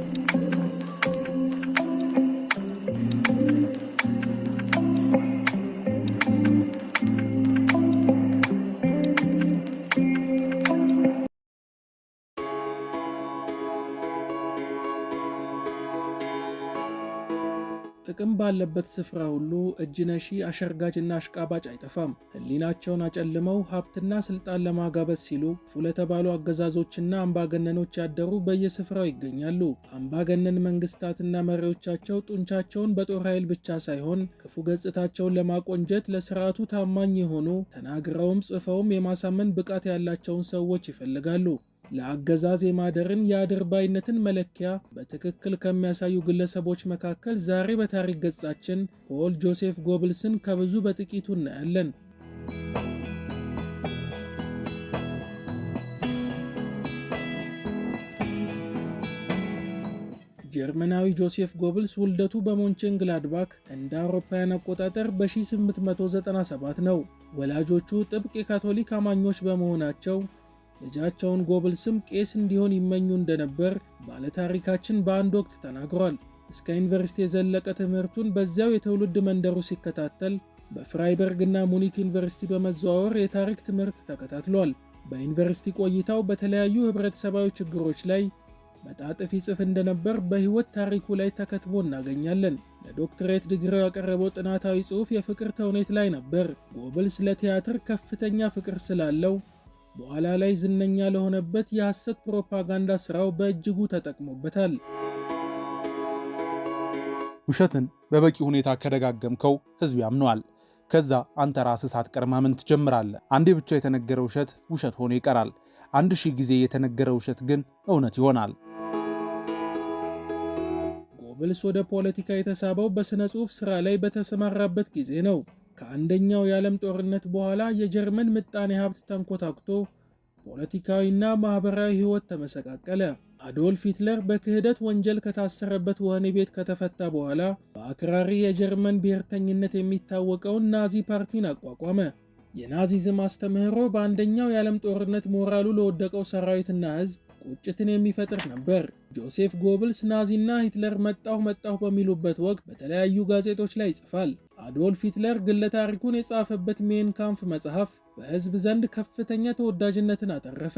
Thank you. ጥቅም ባለበት ስፍራ ሁሉ እጅ ነሺ አሸርጋጅና አሽቃባጭ አይጠፋም። ሕሊናቸውን አጨልመው ሀብትና ስልጣን ለማጋበስ ሲሉ ክፉ ለተባሉ አገዛዞችና አምባገነኖች ያደሩ በየስፍራው ይገኛሉ። አምባገነን መንግስታትና መሪዎቻቸው ጡንቻቸውን በጦር ኃይል ብቻ ሳይሆን ክፉ ገጽታቸውን ለማቆንጀት ለስርዓቱ ታማኝ የሆኑ ተናግረውም ጽፈውም የማሳመን ብቃት ያላቸውን ሰዎች ይፈልጋሉ። ለአገዛዝ የማደርን የአድርባይነትን መለኪያ በትክክል ከሚያሳዩ ግለሰቦች መካከል ዛሬ በታሪክ ገጻችን ፖል ጆሴፍ ጎብልስን ከብዙ በጥቂቱ እናያለን። ጀርመናዊ ጆሴፍ ጎብልስ ውልደቱ በሞንቼንግላድባክ እንደ አውሮፓውያን አቆጣጠር በ1897 ነው። ወላጆቹ ጥብቅ የካቶሊክ አማኞች በመሆናቸው ልጃቸውን ጎብል ስም ቄስ እንዲሆን ይመኙ እንደነበር ባለታሪካችን በአንድ ወቅት ተናግሯል። እስከ ዩኒቨርሲቲ የዘለቀ ትምህርቱን በዚያው የትውልድ መንደሩ ሲከታተል በፍራይበርግ እና ሙኒክ ዩኒቨርሲቲ በመዘዋወር የታሪክ ትምህርት ተከታትሏል። በዩኒቨርሲቲ ቆይታው በተለያዩ ህብረተሰባዊ ችግሮች ላይ በጣጥፍ ይጽፍ እንደነበር በሕይወት ታሪኩ ላይ ተከትቦ እናገኛለን። ለዶክትሬት ዲግሪው ያቀረበው ጥናታዊ ጽሑፍ የፍቅር ተውኔት ላይ ነበር። ጎብል ስለ ቲያትር ከፍተኛ ፍቅር ስላለው በኋላ ላይ ዝነኛ ለሆነበት የሐሰት ፕሮፓጋንዳ ሥራው በእጅጉ ተጠቅሞበታል። ውሸትን በበቂ ሁኔታ ከደጋገምከው ሕዝብ ያምነዋል። ከዛ አንተ ራስህ ሳትቀር ማመን ትጀምራለህ። አንዴ ብቻ የተነገረ ውሸት ውሸት ሆኖ ይቀራል። አንድ ሺህ ጊዜ የተነገረ ውሸት ግን እውነት ይሆናል። ጎብልስ ወደ ፖለቲካ የተሳበው በሥነ ጽሑፍ ሥራ ላይ በተሰማራበት ጊዜ ነው። ከአንደኛው የዓለም ጦርነት በኋላ የጀርመን ምጣኔ ሀብት ተንኮታኩቶ ፖለቲካዊና ማኅበራዊ ሕይወት ተመሰቃቀለ። አዶልፍ ሂትለር በክህደት ወንጀል ከታሰረበት ወህኒ ቤት ከተፈታ በኋላ በአክራሪ የጀርመን ብሔርተኝነት የሚታወቀውን ናዚ ፓርቲን አቋቋመ። የናዚዝም አስተምህሮ በአንደኛው የዓለም ጦርነት ሞራሉ ለወደቀው ሰራዊትና ሕዝብ ቁጭትን የሚፈጥር ነበር። ጆሴፍ ጎብልስ ናዚና ሂትለር መጣሁ መጣሁ በሚሉበት ወቅት በተለያዩ ጋዜጦች ላይ ይጽፋል። አዶልፍ ሂትለር ግለ ታሪኩን የጻፈበት ሜን ካምፍ መጽሐፍ በሕዝብ ዘንድ ከፍተኛ ተወዳጅነትን አተረፈ።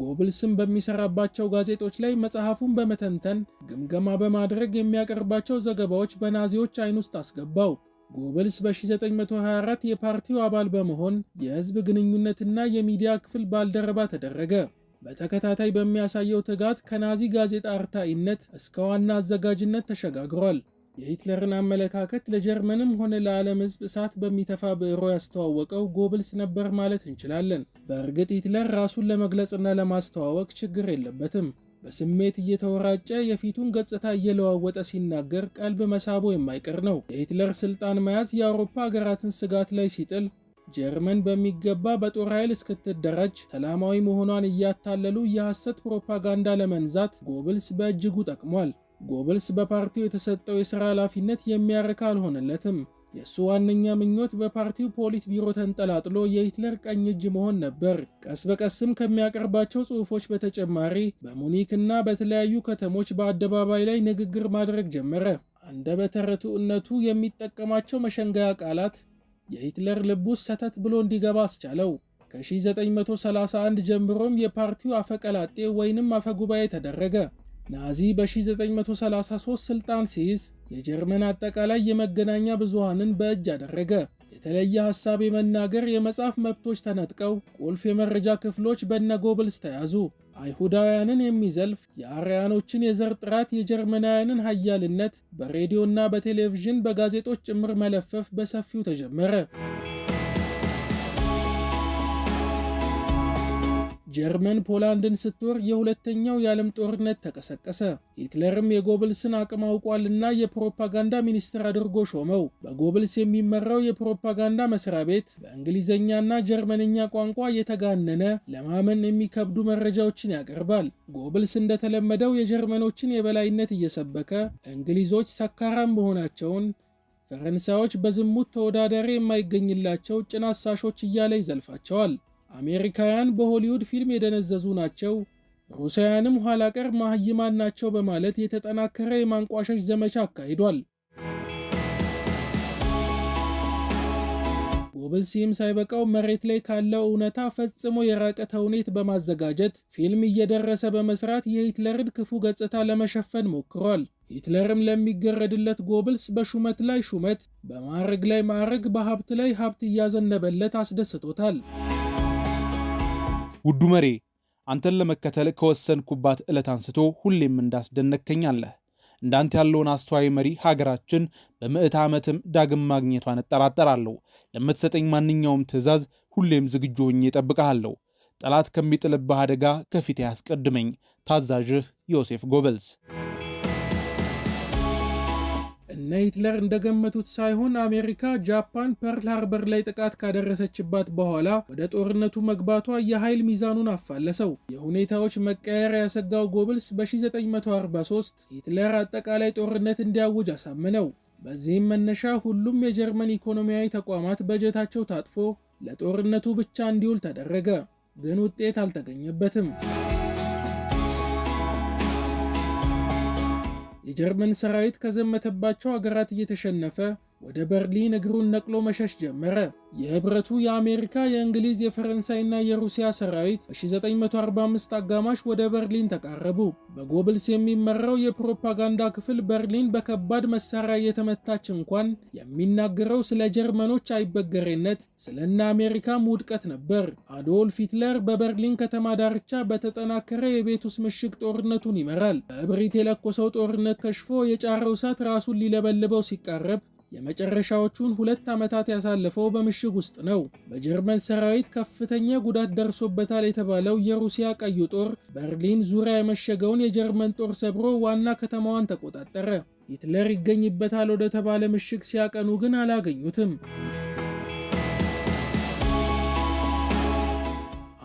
ጎብልስም በሚሰራባቸው ጋዜጦች ላይ መጽሐፉን በመተንተን ግምገማ በማድረግ የሚያቀርባቸው ዘገባዎች በናዚዎች አይን ውስጥ አስገባው። ጎብልስ በ1924 የፓርቲው አባል በመሆን የሕዝብ ግንኙነትና የሚዲያ ክፍል ባልደረባ ተደረገ። በተከታታይ በሚያሳየው ትጋት ከናዚ ጋዜጣ አርታኢነት እስከ ዋና አዘጋጅነት ተሸጋግሯል። የሂትለርን አመለካከት ለጀርመንም ሆነ ለዓለም ሕዝብ እሳት በሚተፋ ብዕሮ ያስተዋወቀው ጎብልስ ነበር ማለት እንችላለን። በእርግጥ ሂትለር ራሱን ለመግለጽና ለማስተዋወቅ ችግር የለበትም። በስሜት እየተወራጨ የፊቱን ገጽታ እየለዋወጠ ሲናገር ቀልብ መሳቦ የማይቀር ነው። የሂትለር ስልጣን መያዝ የአውሮፓ ሀገራትን ስጋት ላይ ሲጥል ጀርመን በሚገባ በጦር ኃይል እስክትደራጅ ሰላማዊ መሆኗን እያታለሉ የሐሰት ፕሮፓጋንዳ ለመንዛት ጎብልስ በእጅጉ ጠቅሟል። ጎብልስ በፓርቲው የተሰጠው የሥራ ኃላፊነት የሚያረካ አልሆነለትም። የእሱ ዋነኛ ምኞት በፓርቲው ፖሊት ቢሮ ተንጠላጥሎ የሂትለር ቀኝ እጅ መሆን ነበር። ቀስ በቀስም ከሚያቀርባቸው ጽሑፎች በተጨማሪ በሙኒክ እና በተለያዩ ከተሞች በአደባባይ ላይ ንግግር ማድረግ ጀመረ። አንደበተ ርቱዕነቱ የሚጠቀማቸው መሸንገያ ቃላት የሂትለር ልብ ውስጥ ሰተት ብሎ እንዲገባ አስቻለው። ከ1931 ጀምሮም የፓርቲው አፈቀላጤ ወይንም አፈጉባኤ ተደረገ። ናዚ በ1933 ስልጣን ሲይዝ የጀርመን አጠቃላይ የመገናኛ ብዙሃንን በእጅ አደረገ። የተለየ ሐሳብ የመናገር የመጻፍ መብቶች ተነጥቀው ቁልፍ የመረጃ ክፍሎች በነ ጎብልስ ተያዙ። አይሁዳውያንን የሚዘልፍ የአርያኖችን የዘር ጥራት፣ የጀርመናውያንን ሀያልነት በሬዲዮና በቴሌቪዥን በጋዜጦች ጭምር መለፈፍ በሰፊው ተጀመረ። ጀርመን ፖላንድን ስትወር የሁለተኛው የዓለም ጦርነት ተቀሰቀሰ። ሂትለርም የጎብልስን አቅም አውቋልና የፕሮፓጋንዳ ሚኒስትር አድርጎ ሾመው። በጎብልስ የሚመራው የፕሮፓጋንዳ መስሪያ ቤት በእንግሊዝኛና ጀርመንኛ ቋንቋ የተጋነነ ለማመን የሚከብዱ መረጃዎችን ያቀርባል። ጎብልስ እንደተለመደው የጀርመኖችን የበላይነት እየሰበከ እንግሊዞች ሰካራም መሆናቸውን ፈረንሳዮች በዝሙት ተወዳዳሪ የማይገኝላቸው ጭን አሳሾች እያለ ይዘልፋቸዋል። አሜሪካውያን በሆሊውድ ፊልም የደነዘዙ ናቸው፣ ሩሲያውያንም ኋላ ቀር ናቸው በማለት የተጠናከረ የማንቋሸሽ ዘመቻ አካሂዷል። ጎብል ሲም ሳይበቃው መሬት ላይ ካለው እውነታ ፈጽሞ የራቀ ተውኔት በማዘጋጀት ፊልም እየደረሰ በመስራት የሂትለርን ክፉ ገጽታ ለመሸፈን ሞክሯል። ሂትለርም ለሚገረድለት ጎብልስ በሹመት ላይ ሹመት፣ በማዕረግ ላይ ማዕረግ፣ በሀብት ላይ ሀብት እያዘነበለት አስደስቶታል። ውዱ መሬ አንተን ለመከተል ከወሰንኩባት ዕለት አንስቶ ሁሌም እንዳስደነከኛለህ እንዳንተ ያለውን አስተዋይ መሪ ሀገራችን በምዕተ ዓመትም ዳግም ማግኘቷን እጠራጠራለሁ። ለምትሰጠኝ ማንኛውም ትዕዛዝ ሁሌም ዝግጁ ሆኜ እጠብቅሃለሁ። ጠላት ከሚጥልብህ አደጋ ከፊቴ ያስቀድመኝ። ታዛዥህ ዮሴፍ ጎበልስ እነ ሂትለር እንደገመቱት ሳይሆን አሜሪካ ጃፓን ፐርል ሃርበር ላይ ጥቃት ካደረሰችባት በኋላ ወደ ጦርነቱ መግባቷ የኃይል ሚዛኑን አፋለሰው። የሁኔታዎች መቀየር ያሰጋው ጎብልስ በ1943 ሂትለር አጠቃላይ ጦርነት እንዲያውጅ አሳምነው። በዚህም መነሻ ሁሉም የጀርመን ኢኮኖሚያዊ ተቋማት በጀታቸው ታጥፎ ለጦርነቱ ብቻ እንዲውል ተደረገ፣ ግን ውጤት አልተገኘበትም። የጀርመን ሰራዊት ከዘመተባቸው አገራት እየተሸነፈ ወደ በርሊን እግሩን ነቅሎ መሸሽ ጀመረ። የህብረቱ የአሜሪካ፣ የእንግሊዝ፣ የፈረንሳይና የሩሲያ ሰራዊት በ1945 አጋማሽ ወደ በርሊን ተቃረቡ። በጎብልስ የሚመራው የፕሮፓጋንዳ ክፍል በርሊን በከባድ መሳሪያ እየተመታች እንኳን የሚናገረው ስለ ጀርመኖች አይበገሬነት፣ ስለነ አሜሪካም ውድቀት ነበር። አዶልፍ ሂትለር በበርሊን ከተማ ዳርቻ በተጠናከረ የቤት ውስጥ ምሽግ ጦርነቱን ይመራል። በእብሪት የለኮሰው ጦርነት ከሽፎ የጫረው እሳት ራሱን ሊለበልበው ሲቃረብ የመጨረሻዎቹን ሁለት ዓመታት ያሳለፈው በምሽግ ውስጥ ነው። በጀርመን ሰራዊት ከፍተኛ ጉዳት ደርሶበታል የተባለው የሩሲያ ቀዩ ጦር በርሊን ዙሪያ የመሸገውን የጀርመን ጦር ሰብሮ ዋና ከተማዋን ተቆጣጠረ። ሂትለር ይገኝበታል ወደተባለ ምሽግ ሲያቀኑ ግን አላገኙትም።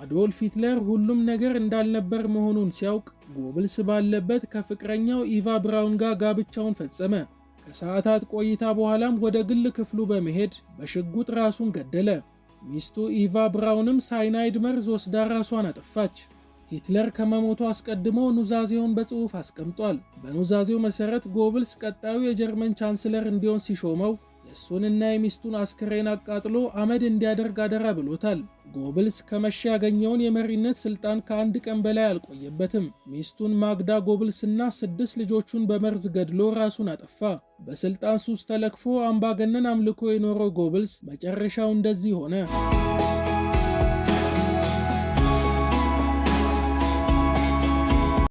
አዶልፍ ሂትለር ሁሉም ነገር እንዳልነበር መሆኑን ሲያውቅ ጎብልስ ባለበት ከፍቅረኛው ኢቫ ብራውን ጋር ጋብቻውን ፈጸመ። ከሰዓታት ቆይታ በኋላም ወደ ግል ክፍሉ በመሄድ በሽጉጥ ራሱን ገደለ። ሚስቱ ኢቫ ብራውንም ሳይናይድ መርዝ ወስዳ ራሷን አጠፋች። ሂትለር ከመሞቱ አስቀድሞ ኑዛዜውን በጽሑፍ አስቀምጧል። በኑዛዜው መሠረት ጎብልስ ቀጣዩ የጀርመን ቻንስለር እንዲሆን ሲሾመው እሱንና የሚስቱን አስክሬን አቃጥሎ አመድ እንዲያደርግ አደራ ብሎታል። ጎብልስ ከመሸ ያገኘውን የመሪነት ስልጣን ከአንድ ቀን በላይ አልቆየበትም። ሚስቱን ማግዳ ጎብልስና ስድስት ልጆቹን በመርዝ ገድሎ ራሱን አጠፋ። በስልጣን ሱስ ተለክፎ አምባገነን አምልኮ የኖረው ጎብልስ መጨረሻው እንደዚህ ሆነ።